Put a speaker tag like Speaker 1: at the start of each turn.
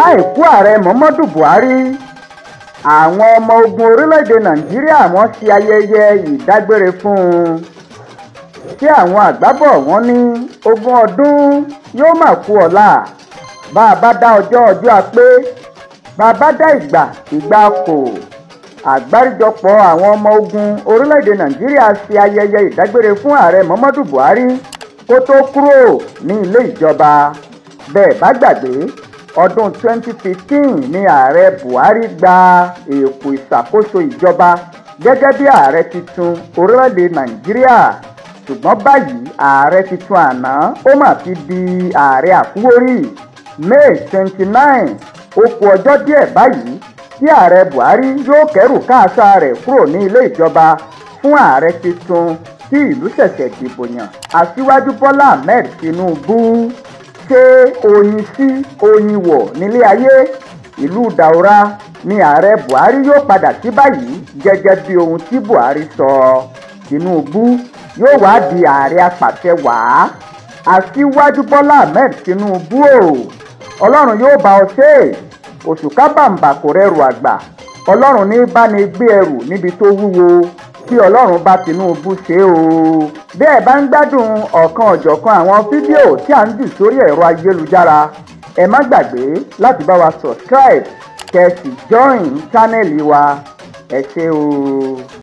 Speaker 1: láìkú ààrẹ muhammadu buhari àwọn ọmọ ogun orílẹ̀-èdè nàìjíríà wọ́n ṣe ayẹyẹ ìdágbére fún un tí àwọn àgbábọ̀ wọ́n ní ogún ọdún yóò mà kú ọ̀la bá a bá dá ọjọ́ ọjọ́ apé bá a bá dá ìgbà ìgbà kò àgbáríjọpọ̀ àwọn ọmọ ogun orílẹ̀-èdè nàìjíríà ṣe ayẹyẹ ìdágbére fún ààrẹ muhammadu buhari kó tó kúrò ní ilé ìjọba bẹ́ẹ̀ bá gbàgbé ọdún 2015 ni ààrẹ buhari gba èèkù ìṣàkóso ìjọba gẹ́gẹ́ bí ààrẹ tuntun orílẹ̀-èdè nàìjíríà ṣùgbọ́n báyìí ààrẹ tuntun àná ó mà ti di ààrẹ àkúwórí may 29 ó kù ọjọ́ díẹ̀ báyìí tí ààrẹ buhari yóò kẹ́rù káàsá rẹ̀ kúrò ní ilé ìjọba fún ààrẹ tuntun tí ìlú ṣẹ̀ṣẹ̀ dìbò yàn aṣíwájú bọ́lá ahmed tinubu ṣe oyin sí oyin wọ̀ nílé ayé ìlú Daura ni ààrẹ Buhari yóò padà sí báyìí gẹ́gẹ́ bí ohun tí Buhari sọ Tinubu yóò wá di ààrẹ apàṣẹ wàá aṣíwájú Bọ́lá Ahmed Tinubu o ọlọ́run yóò bá ọ ṣe òṣùká bàǹbà kò rẹrù àgbà ọlọ́run ní bá ní gbé ẹrù níbi tó wúwo kí ọlọ́run bá Tinubu ṣe o. bí ẹ bá ń gbádùn ọ̀kan ọ̀jọ̀kan àwọn fídíò tí à ń jù sórí ẹ̀rọ ayélujára ẹ má gbàgbé láti bá wa subscribe kẹ́ join channel wa ẹ ṣé o.